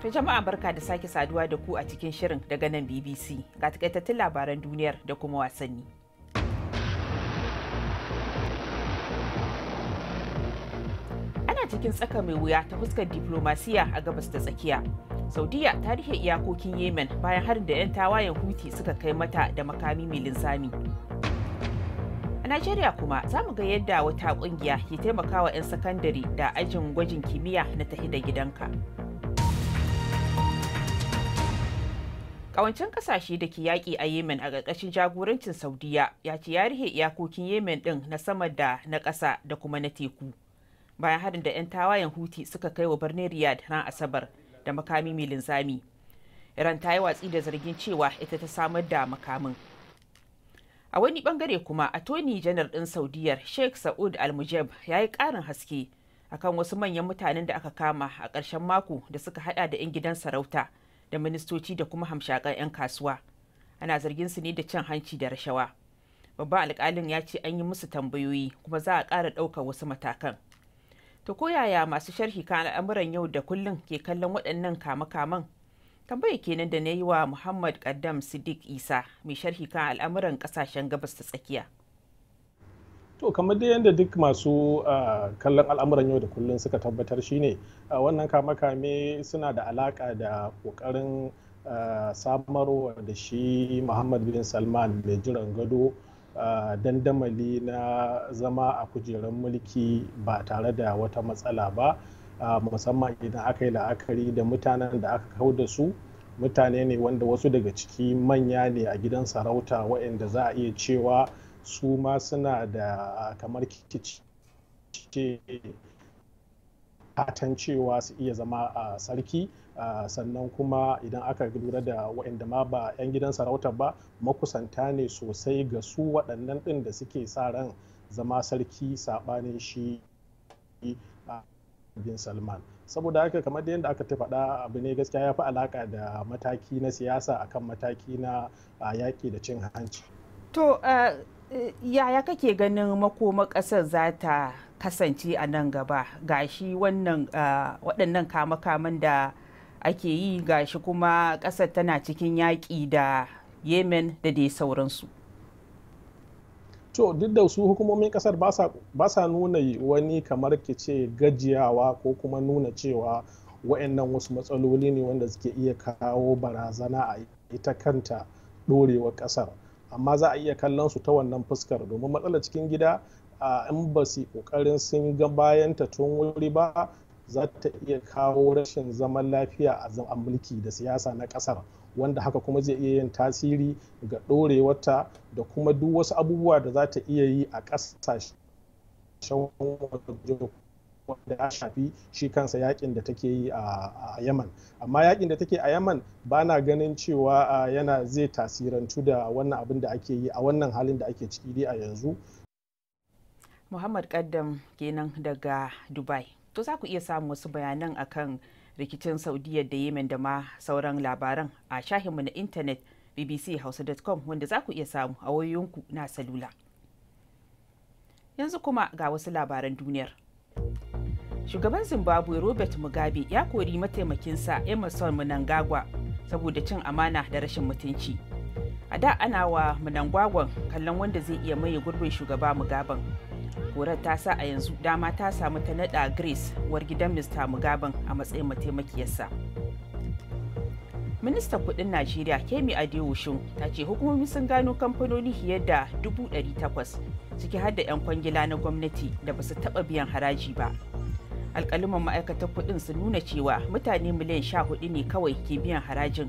To jama'a barka da sake saduwa da ku a cikin shirin daga nan BBC ga takaitattun labaran duniyar da kuma wasanni. Ana cikin tsaka mai wuya ta fuskar diplomasiya a gabas da tsakiya. Saudiya ta rufe iyakokin Yemen bayan harin da 'yan tawayen huti suka kai mata da makami mai linsami. Najeriya kuma za mu ga yadda wata kungiya ke taimakawa 'yan sakandare da ajin gwajin kimiyya na tahi da gidanka. kawancin kasashe da ke yaƙi a Yemen a ƙarƙashin jagorancin Saudiya ya ce ya rihe iyakokin Yemen ɗin na sama da na ƙasa da kuma na teku. Bayan harin da 'yan tawayen Huti suka kai wa birnin Riyadh ran Asabar da makami mai linzami. Iran ta yi watsi da zargin cewa ita ta samar da makamin. A wani bangare kuma, a toni janar ɗin Saudiyar Sheikh Sa'ud Al-Mujab ya yi ƙarin haske akan wasu manyan mutanen da aka kama a ƙarshen mako da suka hada da 'yan gidan sarauta. da ministoci da kuma hamshakan 'yan kasuwa ana zargin su ne da cin hanci da rashawa babban alkalin ya ce an yi musu tambayoyi kuma za a ƙara ɗaukar wasu matakan to ko yaya masu sharhi kan al'amuran yau da kullum ke kallon waɗannan kama-kaman tambaya kenan da na yi wa muhammad kaddam siddiq isa mai sharhi kan al'amuran ƙasashen gabas ta tsakiya to kamar dai yadda duk masu kallon al'amuran yau da kullum suka tabbatar shine wannan kame-kame suna da alaka da kokarin samarwa da shi muhammad bin salman mai jiran gado dandamali na zama a kujerar mulki ba tare da wata matsala ba musamman idan aka yi la'akari da mutanen da aka kawo da su mutane ne wanda wasu daga ciki manya ne a gidan sarauta waɗanda za a iya cewa su ma suna da kamar ce fatan cewa su iya zama a sarki sannan kuma idan aka lura da waɗanda ma ba 'yan gidan sarauta ba makusanta ne sosai ga su waɗannan ɗin da suke sa ran zama sarki saɓanin shi bin salman saboda haka kamar da yadda aka ta faɗa abu ne gaskiya ya fi alaƙa da mataki na siyasa akan mataki na yaƙi da cin hanci to yaya kake ganin makoma kasar za ta kasance a nan gaba ga shi ah, waɗannan kama-kaman da ake yi ga shi kuma ƙasar tana cikin yaƙi da yemen da dai sauransu to duk da su hukumomin ƙasar ba sa nuna wani kamar ke ce gajiyawa ko kuma nuna cewa wa'annan wasu matsaloli ne wanda suke iya kawo barazana a ita kanta ɗorewar ƙasar. amma za a iya kallon su ta wannan fuskar domin matsalar cikin gida a embassy kokarin sun ga bayan ta tun wuri ba za ta iya kawo rashin zaman lafiya a mulki da siyasa na kasar wanda haka kuma zai iya yin tasiri ga ɗorewarta da kuma duk wasu abubuwa da za ta iya yi a ƙasashen wanda ya shafi shi kansa yakin da take yi a yaman amma yakin da take a yaman ba na ganin cewa yana zai tasirantu da wannan abin da ake yi a wannan halin da ake ciki dai a yanzu muhammad kaddam kenan daga dubai to za ku iya samun wasu bayanan akan rikicin saudiya da yemen da ma sauran labaran a shahinmu na intanet bbc bbchausa.com wanda za ku iya samu a wayoyinku na salula yanzu kuma ga wasu labaran duniyar shugaban zimbabwe robert mugabe ya kori mataimakinsa emerson munangagwa saboda cin amana da rashin mutunci a da ana wa munangagwan kallon wanda zai iya maye gurbin shugaba mugaben korar ta sa a yanzu dama ta samu ta nada grace war gidan mr mugaben a matsayin mataimakiyarsa ministan kudin najeriya kemi adeoshun ta ce hukumomi sun gano kamfanoni fiye da 800 ciki har da 'yan kwangila na gwamnati da ba su taba biyan haraji ba alkaliman ma'aikatar kudin su nuna cewa mutane miliyan sha hudu ne kawai ke biyan harajin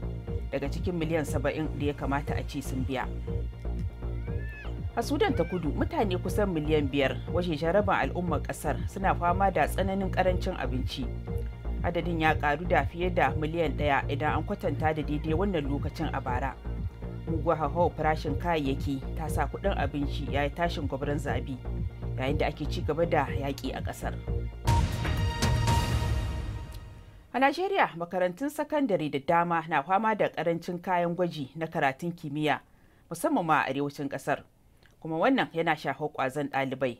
daga cikin miliyan saba'in da ya kamata a ce sun biya a sudan ta kudu mutane kusan miliyan biyar waje jaraban al'ummar kasar suna fama da tsananin karancin abinci adadin ya karu da fiye da miliyan ɗaya idan an kwatanta da daidai wannan lokacin a bara Muguwa hauhawar farashin kayayyaki ta sa kudin abinci ya yi tashin gwabran zabi yayin da ake ci gaba da yaƙi a ƙasar A Najeriya makarantun sakandare da dama na fama da karancin kayan gwaji na karatun kimiyya musamman ma a arewacin kasar kuma wannan yana shafar kwazon ɗalibai.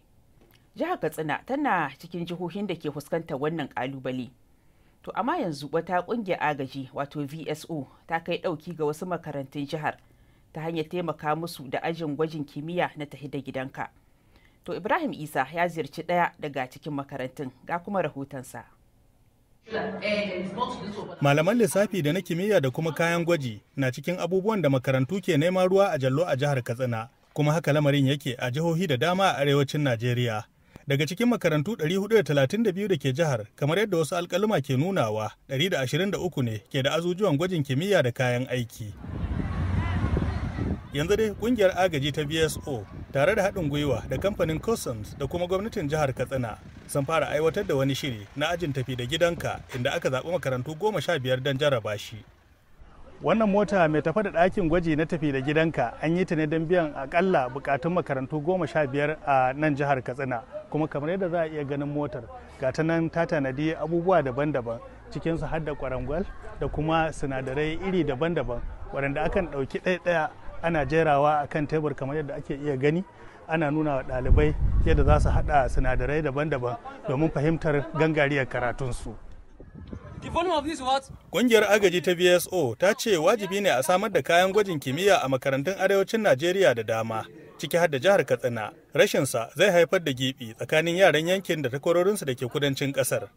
Jihar Katsina tana cikin jihohin da ke fuskantar wannan kalubale. To amma yanzu wata ƙungiyar agaji wato VSO ta kai ɗauki ga wasu makarantun jihar ta hanyar taimaka musu da ajin gwajin kimiyya na tafi da gidanka. To Ibrahim Isa ya ziyarci ɗaya daga cikin makarantun ga kuma rahotonsa. Malaman lissafi da na kimiyya da kuma kayan gwaji na cikin abubuwan da makarantu ke neman ruwa a jallo a jihar Katsina, kuma haka lamarin yake a jihohi da dama a arewacin Najeriya. Daga cikin makarantu 432 da ke jihar, kamar yadda wasu alkaluma ke nunawa, 123 ne ke da azujuwan gwajin kimiyya da kayan aiki. Yanzu dai kungiyar agaji ta BSO tare da haɗin gwiwa da kamfanin Cousins da kuma gwamnatin jihar Katsina sun fara aiwatar da wani shiri na ajin tafi da gidanka inda aka zaɓi makarantu goma sha biyar don jarraba shi. Wannan mota mai tafa da ɗakin gwaji na tafi da gidanka an yi ta ne don biyan akalla bukatun makarantu goma sha biyar a nan jihar Katsina kuma kamar yadda za a iya ganin motar ga ta nan ta tanadi abubuwa daban-daban cikinsu har da kwarangwal da kuma sinadarai iri daban-daban waɗanda akan ɗauki ɗaya-ɗaya ana jerawa akan tebur kamar yadda ake iya gani ana nuna wa ɗalibai yadda za su haɗa sinadarai daban-daban domin fahimtar gangariyar karatunsu. Ƙungiyar agaji ta BSO ta ce wajibi ne a samar da kayan gwajin kimiyya a makarantun arewacin Najeriya da dama, ciki har da jihar Katsina. Rashinsa zai haifar da gibi tsakanin yaran yankin da takwarorinsu da ke kudancin ƙasar.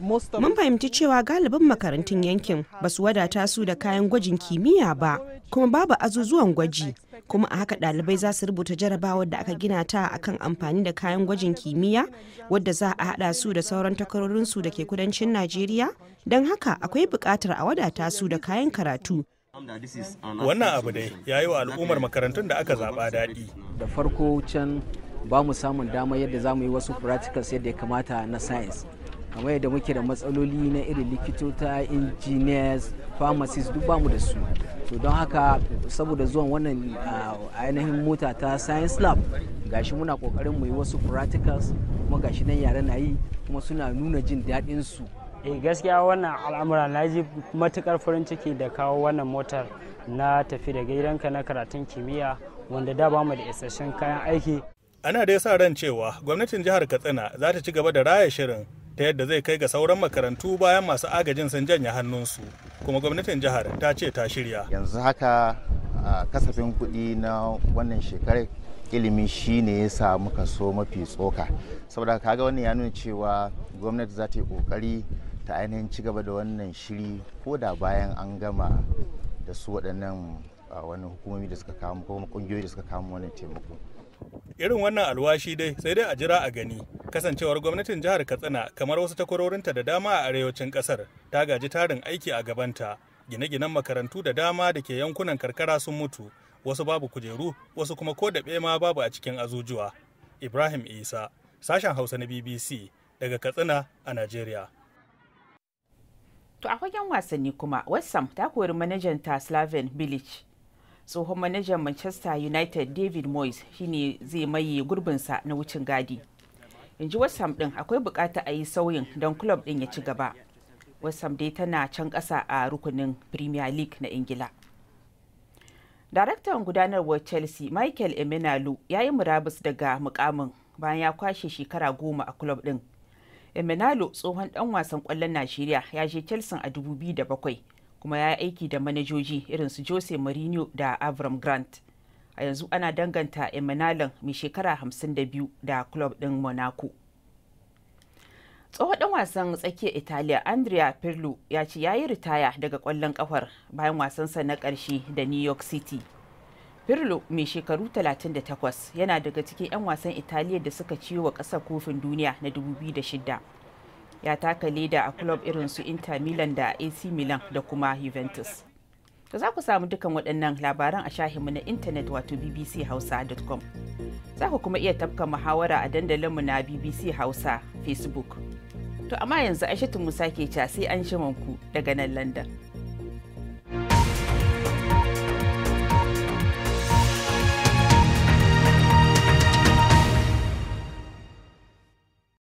Mun fahimci cewa galibin makarantun yankin ba su wadata su da kayan gwajin kimiyya ba, kuma babu azuzuwan gwaji, kuma a haka ɗalibai za su rubuta jarabawar da aka gina ta akan amfani da kayan gwajin kimiyya wadda za a haɗa su da sauran takarorinsu da ke kudancin Najeriya, don haka akwai buƙatar a wadata su da kayan karatu Wannan abu dai ya yi wa al'ummar makarantun da aka zaɓa daɗi. Da farko can ba mu samun dama yadda za mu yi wasu practicals yadda ya kamata na science. kamar yadda muke da matsaloli na irin likitota engineers pharmacists duk bamu da su to don haka saboda zuwan wannan ah, ainihin mota ta science lab gashi muna kokarin mu yi wasu practicals kuma gashi nan yare na yi kuma suna nuna jin daɗin su eh gaskiya wannan al'amura na ji matukar farin ciki da kawo wannan motar na tafi da gidanka na karatun kimiyya wanda da bamu da isasshen kayan aiki ana dai sa ran cewa gwamnatin jihar katsina za ta ci gaba da raya shirin ta yadda zai kai ga sauran makarantu bayan masu agajin sun janye hannunsu kuma gwamnatin jihar ta ce ta shirya yanzu haka kasafin kuɗi na wannan shekarar ilimi ne ya samu kaso mafi tsoka saboda kaga wannan ya nuna cewa gwamnati za ta yi kokari ta ainihin ci gaba da wannan shiri ko da bayan an gama da su waɗannan wani hukumomi da suka kamo ko kungiyoyi da suka kamo wannan taimako irin wannan alwashi dai sai dai a jira a gani kasancewar gwamnatin jihar katsina kamar wasu takwarorinta da dama a arewacin kasar ta gaji tarin aiki a gabanta gine-ginen makarantu da dama da ke yankunan karkara sun mutu wasu babu kujeru wasu kuma ko da ma babu a cikin azujuwa ibrahim isa sashen hausa na bbc daga katsina a najeriya to a fagen wasanni kuma wassam ta kori manajan ta slaven bilic tsohon manajan manchester united david moyes shine zai maye gurbinsa na wucin gadi in ji wasam din akwai bukata a yi sauyin don club din ya ci gaba wasam dai tana can kasa a rukunin premier league na ingila daraktan gudanarwar chelsea michael emenalu ya yi murabus daga mukamin bayan ya kwashe shekara goma a kulob din emenalu tsohon dan wasan kwallon najeriya ya je chelsea a 2007 kuma ya aiki da manajoji irin su jose mourinho da avram grant a yanzu ana danganta emmanuel mai shekara 52 da club din monaco tsohon wasan tsakiyar italiya andrea pirlo ya ce ya yi ritaya daga kwallon kafar bayan wasansa na karshe da new york city pirlo mai shekaru 38 yana daga cikin 'yan wasan italiya da suka ciwo wa ƙasa kofin duniya na 2006 ya taka leda a club irin su inter milan da ac milan da kuma juventus to za ku samu dukan waɗannan labaran a shahinmu na intanet wato bbchausa.com za ku kuma iya tafka muhawara a dandalinmu na bbc hausa facebook to amma yanzu aishatu musa ke ca sai an shi daga nan london